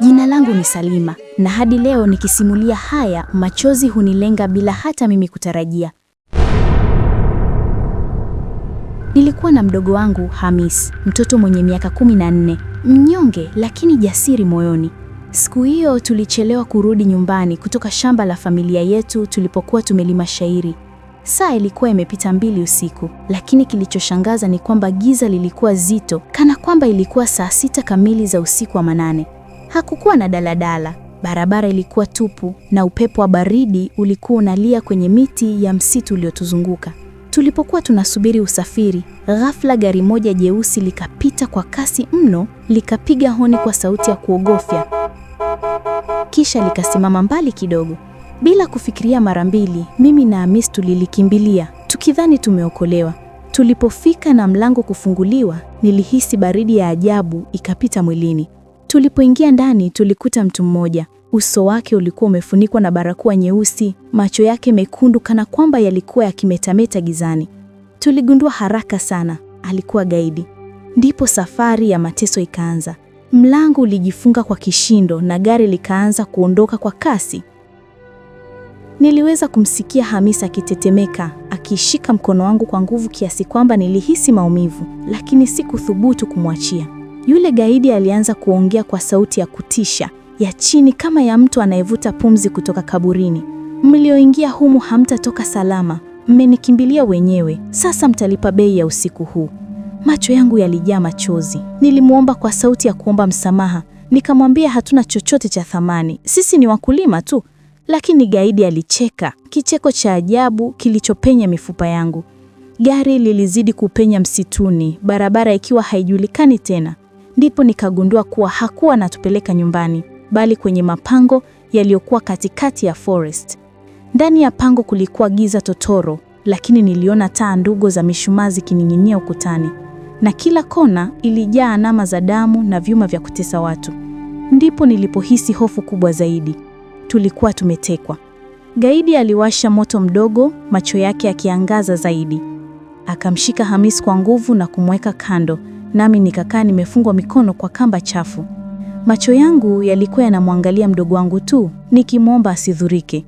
Jina langu ni Salima na hadi leo nikisimulia haya machozi hunilenga bila hata mimi kutarajia. Nilikuwa na mdogo wangu Hamis, mtoto mwenye miaka 14, mnyonge lakini jasiri moyoni. Siku hiyo tulichelewa kurudi nyumbani kutoka shamba la familia yetu tulipokuwa tumelima shairi. Saa ilikuwa imepita mbili usiku, lakini kilichoshangaza ni kwamba giza lilikuwa zito, kana kwamba ilikuwa saa sita kamili za usiku wa manane. Hakukuwa na daladala, barabara ilikuwa tupu, na upepo wa baridi ulikuwa unalia kwenye miti ya msitu uliotuzunguka. Tulipokuwa tunasubiri usafiri, ghafla gari moja jeusi likapita kwa kasi mno, likapiga honi kwa sauti ya kuogofya, kisha likasimama mbali kidogo. Bila kufikiria mara mbili, mimi na amis tulilikimbilia tukidhani tumeokolewa. Tulipofika na mlango kufunguliwa, nilihisi baridi ya ajabu ikapita mwilini. Tulipoingia ndani, tulikuta mtu mmoja. Uso wake ulikuwa umefunikwa na barakoa nyeusi, macho yake mekundu kana kwamba yalikuwa yakimetameta gizani. Tuligundua haraka sana alikuwa gaidi. Ndipo safari ya mateso ikaanza. Mlango ulijifunga kwa kishindo na gari likaanza kuondoka kwa kasi. Niliweza kumsikia Hamisa akitetemeka, akishika mkono wangu kwa nguvu kiasi kwamba nilihisi maumivu, lakini sikuthubutu kumwachia. Yule gaidi alianza kuongea kwa sauti ya kutisha, ya chini kama ya mtu anayevuta pumzi kutoka kaburini. Mlioingia humu hamtatoka salama. Mmenikimbilia wenyewe. Sasa mtalipa bei ya usiku huu. Macho yangu yalijaa machozi. Nilimwomba kwa sauti ya kuomba msamaha, nikamwambia hatuna chochote cha thamani, sisi ni wakulima tu, lakini gaidi alicheka, kicheko cha ajabu kilichopenya mifupa yangu. Gari lilizidi kupenya msituni, barabara ikiwa haijulikani tena. Ndipo nikagundua kuwa hakuwa anatupeleka nyumbani, bali kwenye mapango yaliyokuwa katikati ya forest. Ndani ya pango kulikuwa giza totoro, lakini niliona taa ndogo za mishumaa zikining'inia ukutani, na kila kona ilijaa alama za damu na vyuma vya kutesa watu. Ndipo nilipohisi hofu kubwa zaidi tulikuwa tumetekwa. Gaidi aliwasha moto mdogo, macho yake yakiangaza zaidi. Akamshika Hamis kwa nguvu na kumweka kando, nami nikakaa nimefungwa mikono kwa kamba chafu. Macho yangu yalikuwa yanamwangalia mdogo wangu tu, nikimwomba asidhurike.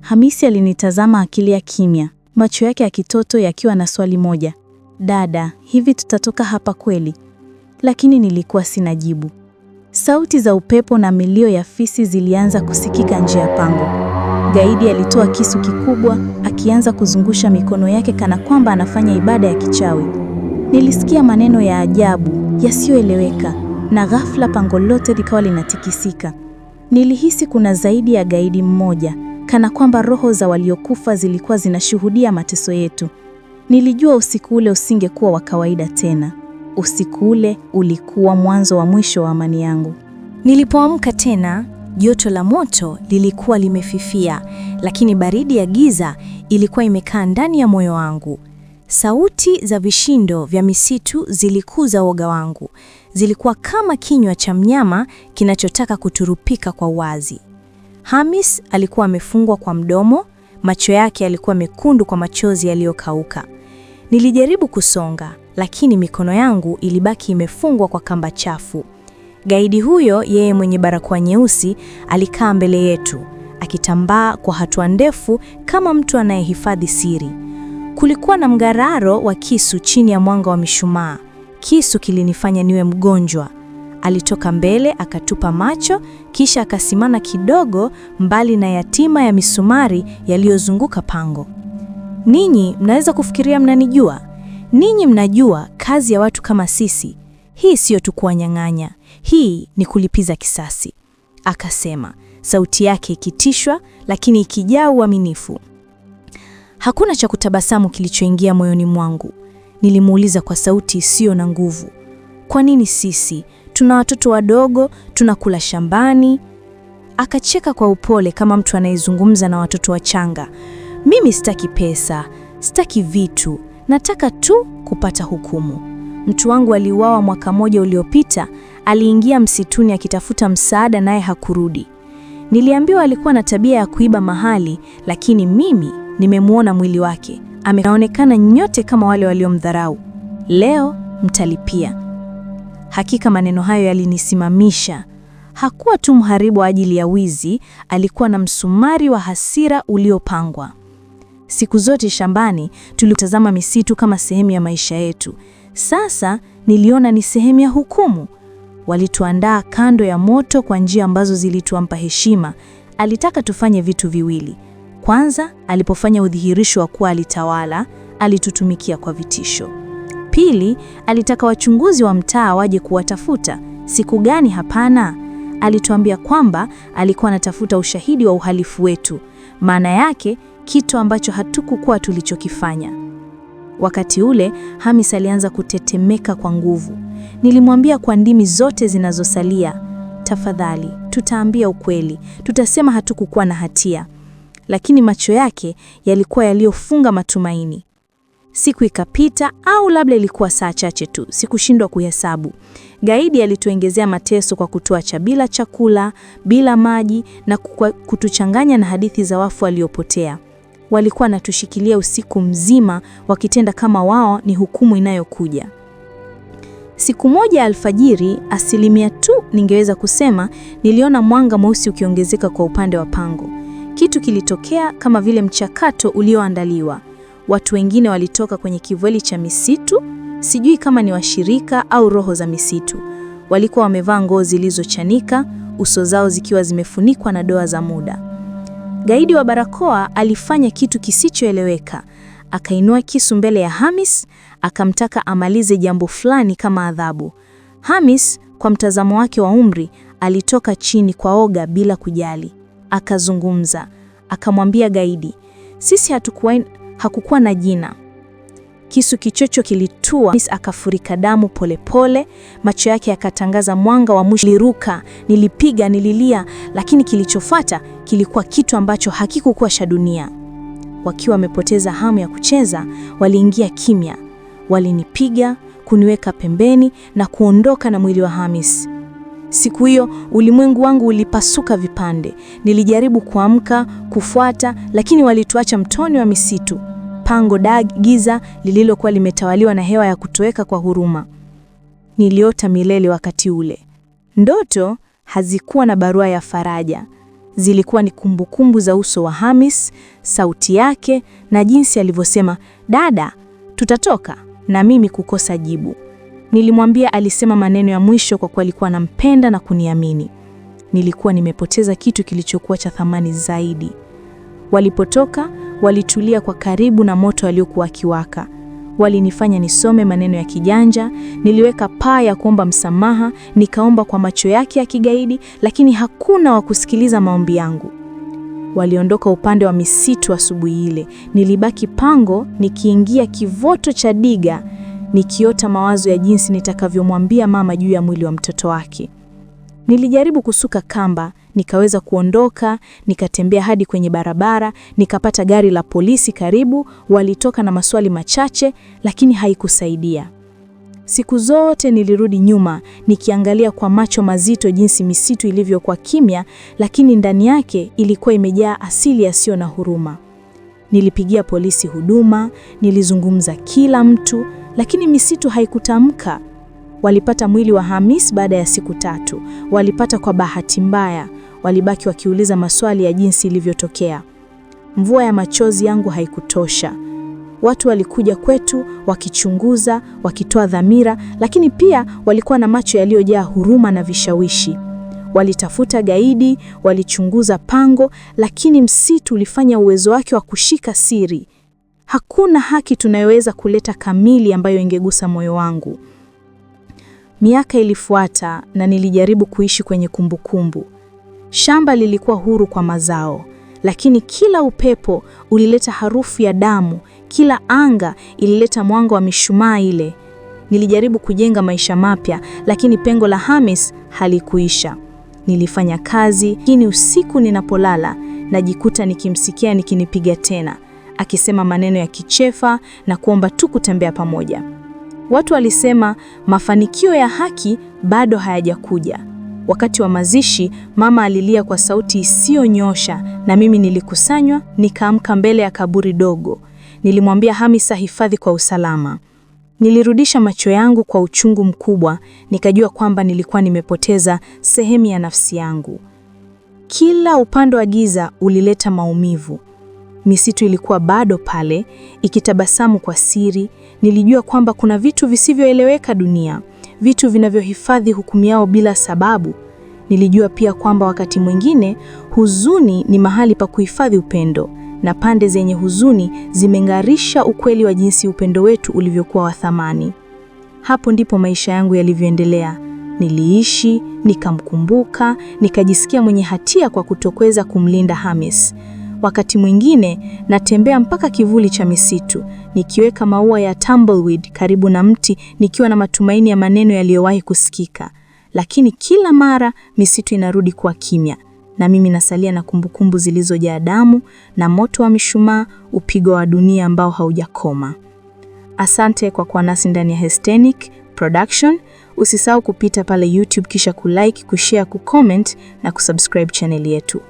Hamisi alinitazama akilia kimya, macho yake ya kitoto yakiwa na swali moja: dada, hivi tutatoka hapa kweli? Lakini nilikuwa sina jibu. Sauti za upepo na milio ya fisi zilianza kusikika nje ya pango. Gaidi alitoa kisu kikubwa, akianza kuzungusha mikono yake kana kwamba anafanya ibada ya kichawi. Nilisikia maneno ya ajabu yasiyoeleweka, na ghafla pango lote likawa linatikisika. Nilihisi kuna zaidi ya gaidi mmoja, kana kwamba roho za waliokufa zilikuwa zinashuhudia mateso yetu. Nilijua usiku ule usingekuwa wa kawaida tena. Usiku ule ulikuwa mwanzo wa mwisho wa amani yangu. Nilipoamka tena, joto la moto lilikuwa limefifia, lakini baridi ya giza ilikuwa imekaa ndani ya moyo wangu. Sauti za vishindo vya misitu zilikuza woga wangu. Zilikuwa kama kinywa cha mnyama kinachotaka kuturupika kwa uwazi Hamis alikuwa amefungwa kwa mdomo, macho yake yalikuwa mekundu kwa machozi yaliyokauka. Nilijaribu kusonga, lakini mikono yangu ilibaki imefungwa kwa kamba chafu. Gaidi huyo, yeye mwenye barakoa nyeusi, alikaa mbele yetu akitambaa kwa hatua ndefu kama mtu anayehifadhi siri. Kulikuwa na mgararo wa kisu chini ya mwanga wa mishumaa. Kisu kilinifanya niwe mgonjwa. Alitoka mbele akatupa macho, kisha akasimama kidogo mbali na yatima ya misumari yaliyozunguka pango. Ninyi mnaweza kufikiria mnanijua. Ninyi mnajua kazi ya watu kama sisi. Hii siyo tu kuwanyang'anya, hii ni kulipiza kisasi, akasema, sauti yake ikitishwa lakini ikijaa uaminifu. Hakuna cha kutabasamu kilichoingia moyoni mwangu. Nilimuuliza kwa sauti isiyo na nguvu, kwa nini sisi? Tuna watoto wadogo, tunakula shambani. Akacheka kwa upole kama mtu anayezungumza na watoto wachanga. Mimi sitaki pesa, sitaki vitu, nataka tu kupata hukumu. Mtu wangu aliuawa mwaka mmoja uliopita, aliingia msituni akitafuta msaada naye hakurudi. Niliambiwa alikuwa na tabia ya kuiba mahali, lakini mimi nimemwona mwili wake. Ameonekana nyote kama wale waliomdharau. Leo mtalipia. Hakika maneno hayo yalinisimamisha. Hakuwa tu mharibu wa ajili ya wizi, alikuwa na msumari wa hasira uliopangwa. Siku zote shambani tulitazama misitu kama sehemu ya maisha yetu. Sasa niliona ni sehemu ya hukumu. Walituandaa kando ya moto kwa njia ambazo zilituampa heshima. Alitaka tufanye vitu viwili. Kwanza, alipofanya udhihirisho wa kuwa alitawala, alitutumikia kwa vitisho. Pili, alitaka wachunguzi wa mtaa waje kuwatafuta. Siku gani? Hapana, alituambia kwamba alikuwa anatafuta ushahidi wa uhalifu wetu. Maana yake kitu ambacho hatukukuwa tulichokifanya. Wakati ule Hamis alianza kutetemeka kwa nguvu. Nilimwambia kwa ndimi zote zinazosalia, tafadhali, tutaambia ukweli, tutasema hatukukuwa na hatia. Lakini macho yake yalikuwa yaliyofunga matumaini. Siku ikapita, au labda ilikuwa saa chache tu, sikushindwa kuhesabu. Gaidi alituengezea mateso kwa kutuacha bila chakula, bila maji na kutuchanganya na hadithi za wafu waliopotea walikuwa wanatushikilia usiku mzima, wakitenda kama wao ni hukumu inayokuja. Siku moja alfajiri, asilimia tu ningeweza kusema, niliona mwanga mweusi ukiongezeka kwa upande wa pango. Kitu kilitokea kama vile mchakato ulioandaliwa. Watu wengine walitoka kwenye kivuli cha misitu, sijui kama ni washirika au roho za misitu. Walikuwa wamevaa nguo zilizochanika, uso zao zikiwa zimefunikwa na doa za muda. Gaidi wa barakoa alifanya kitu kisichoeleweka. Akainua kisu mbele ya Hamis, akamtaka amalize jambo fulani kama adhabu. Hamis, kwa mtazamo wake wa umri, alitoka chini kwa oga bila kujali. Akazungumza, akamwambia gaidi, sisi hatukuwa hakukuwa na jina Kisu kichocho kilitua, Miss akafurika damu polepole, macho yake yakatangaza mwanga wa mwisho. Niliruka, nilipiga, nililia, lakini kilichofata kilikuwa kitu ambacho hakikukuwa cha dunia. Wakiwa wamepoteza hamu ya kucheza, waliingia kimya, walinipiga, kuniweka pembeni na kuondoka na mwili wa Hamis. Siku hiyo ulimwengu wangu ulipasuka vipande. Nilijaribu kuamka, kufuata, lakini walituacha mtoni wa misitu pango da giza lililokuwa limetawaliwa na hewa ya kutoweka kwa huruma. Niliota milele wakati ule. Ndoto hazikuwa na barua ya faraja, zilikuwa ni kumbukumbu za uso wa Hamis, sauti yake na jinsi alivyosema, dada, tutatoka, na mimi kukosa jibu. Nilimwambia alisema maneno ya mwisho kwa kuwa alikuwa anampenda na kuniamini. Nilikuwa nimepoteza kitu kilichokuwa cha thamani zaidi. Walipotoka walitulia kwa karibu na moto aliokuwa akiwaka. Walinifanya nisome maneno ya kijanja, niliweka paa ya kuomba msamaha, nikaomba kwa macho yake ya kigaidi, lakini hakuna wa kusikiliza maombi yangu. Waliondoka upande wa misitu asubuhi ile, nilibaki pango, nikiingia kivoto cha Diga, nikiota mawazo ya jinsi nitakavyomwambia mama juu ya mwili wa mtoto wake. Nilijaribu kusuka kamba nikaweza kuondoka, nikatembea hadi kwenye barabara, nikapata gari la polisi karibu. Walitoka na maswali machache, lakini haikusaidia. Siku zote nilirudi nyuma nikiangalia kwa macho mazito jinsi misitu ilivyokuwa kimya, lakini ndani yake ilikuwa imejaa asili yasiyo na huruma. Nilipigia polisi huduma, nilizungumza kila mtu, lakini misitu haikutamka. Walipata mwili wa Hamis baada ya siku tatu. Walipata kwa bahati mbaya, walibaki wakiuliza maswali ya jinsi ilivyotokea. Mvua ya machozi yangu haikutosha. Watu walikuja kwetu wakichunguza, wakitoa dhamira, lakini pia walikuwa na macho yaliyojaa huruma na vishawishi. Walitafuta gaidi, walichunguza pango, lakini msitu ulifanya uwezo wake wa kushika siri. Hakuna haki tunayoweza kuleta kamili ambayo ingegusa moyo wangu. Miaka ilifuata na nilijaribu kuishi kwenye kumbukumbu. Shamba lilikuwa huru kwa mazao, lakini kila upepo ulileta harufu ya damu, kila anga ilileta mwanga wa mishumaa ile. Nilijaribu kujenga maisha mapya, lakini pengo la Hamis halikuisha. Nilifanya kazi, lakini usiku ninapolala najikuta nikimsikia nikinipiga tena, akisema maneno ya kichefa na kuomba tu kutembea pamoja watu walisema mafanikio ya haki bado hayajakuja. Wakati wa mazishi, mama alilia kwa sauti isiyonyosha, na mimi nilikusanywa nikaamka mbele ya kaburi dogo. Nilimwambia Hamisa, hifadhi kwa usalama. Nilirudisha macho yangu kwa uchungu mkubwa, nikajua kwamba nilikuwa nimepoteza sehemu ya nafsi yangu. Kila upande wa giza ulileta maumivu. Misitu ilikuwa bado pale ikitabasamu kwa siri. Nilijua kwamba kuna vitu visivyoeleweka dunia, vitu vinavyohifadhi hukumu yao bila sababu. Nilijua pia kwamba wakati mwingine huzuni ni mahali pa kuhifadhi upendo, na pande zenye huzuni zimeng'arisha ukweli wa jinsi upendo wetu ulivyokuwa wa thamani. Hapo ndipo maisha yangu yalivyoendelea. Niliishi, nikamkumbuka, nikajisikia mwenye hatia kwa kutokweza kumlinda Hamis. Wakati mwingine natembea mpaka kivuli cha misitu, nikiweka maua ya tumbleweed karibu na mti, nikiwa na matumaini ya maneno yaliyowahi kusikika. Lakini kila mara misitu inarudi kwa kimya, na mimi nasalia na kumbukumbu zilizojaa damu na moto wa mishumaa, upigo wa dunia ambao haujakoma. Asante kwa kuwa nasi ndani ya Hestenic Production. Usisahau kupita pale YouTube kisha kulike, kushare, kucomment na kusubscribe chaneli yetu.